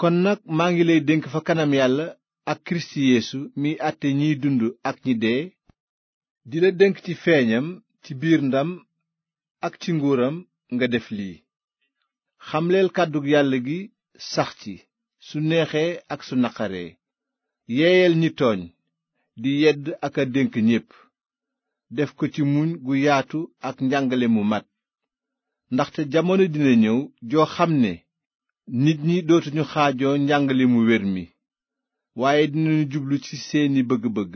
kon nag maa ngi lay dénk fa kanam yàlla ak kirist yéesu miy àtte ñiy dund ak ñi dee di la dénk ci feeñam ci biir ndam ak ci nguuram nga def lii xamleel kàddu yàlla gi sax ci su neexee ak su naqaree yeeyal ñi tooñ di yedd ak dénk ñépp def ko ci muñ gu yaatu ak njàngale mu mat ndaxte jamono dina ñëw joo xam ne nit ñi dootuñu xaajoo njàngale mu wér mi waaye dinañu jublu ci seeni bëgg-bëgg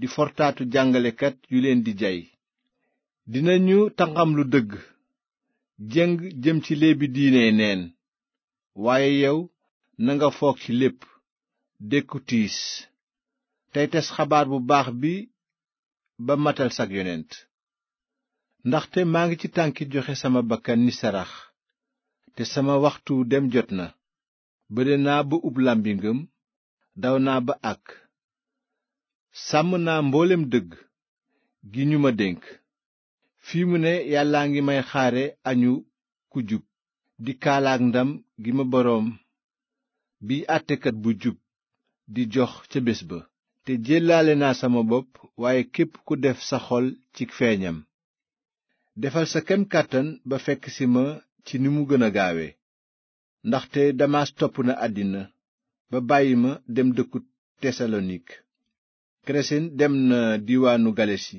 di fortaatu jàngalekat yu leen di jay dinañu tanqam lu dëgg jëng jëm ci léebi diine neen waaye yow nanga foog ci lépp dékku tiis tey tes xabaar bu baax bi ba matal sag yonent ndaxte maa ngi ci tànki joxe sama bakkan ni sarax te sama waxtu dem jot na bëre naa ba ub làmbi ngëm daw naa ba àkk sàmm naa mboolem dëgg gi ñu ma dénk fii mu ne yàllaa ngi may xaare añu ku jub di kaalaak ndam gi ma boroom bi àttekat bu jub di jox ca bés ba te jéllaale naa sama bopp waaye képp ku def sa xol ci feeñam defal sa kem kàttan ba fekk si ma ci ni mu gën a gaawe ndaxte damaas topp na àddina ba bàyyi ma dem dëkku tesalonik kresen dem na diwaanu galasi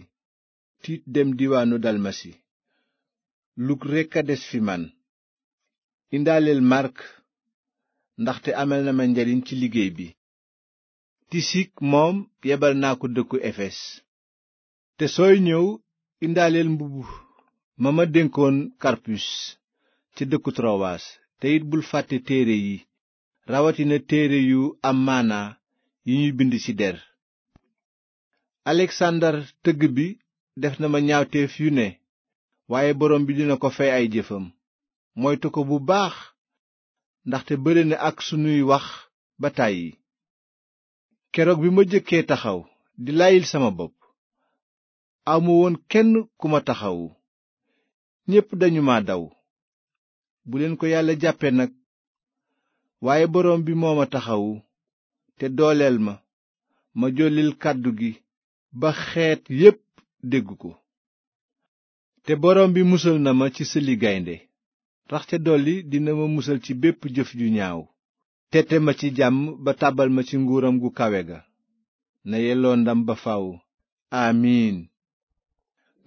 tiit dem diwaanu dalmasi luk rekk a des fi man indaaleel màrk ndaxte amal na ma njariñ ci liggéey bi tisik moom yebal naa ko dëkku efes te sooy ñëw indaaleel mbubb ma ma dénkoon karpus ci dëkku trowaas te bul fàtte téere yi rawatina téere yu am maana yi ñu bind ci der aleksandar tëgg bi def na ma ñaawteef yu ne waaye borom bi dina ko fay ay jëfam moytu ko bu baax ndaxte bëre na ak sunuy wax ba tàyyi keroog bi ma jëkkee taxaw di layil sama bopp amu woon kenn ku ma taxawu ñépp dañu ma daw buleen ko yàlla jàppe nag waaye borom bi moo ma taxawu te dooleel ma ma jollil kàddu gi ba xeet yépp dégg ko te borom bi musal na ma ci sëli gaynde rax ca dolli dina ma musal ci bépp jëf ju ñaaw tette ma ci jàmm ba tàbbal ma ci nguuram gu kawe ga na yelloo ndam ba faw amiin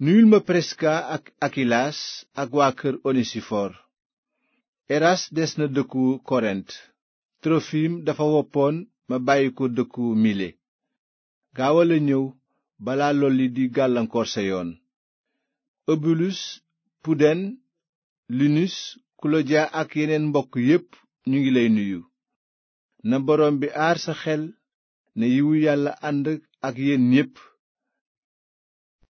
nuyul ma preska ak akilaas ak waa kër onesifoor eraas des na dëkku korent turofim dafa woppoon ma bàyyi ko dëkku mile gaawal a ñëw balaa lolli di gàllankoor sa yoon obulus puden linus kulodia ak yeneen mbokk yépp ñu ngi lay nuyu na boroom bi aar sa xel na yiwu yàlla ànd ak yéen ñépp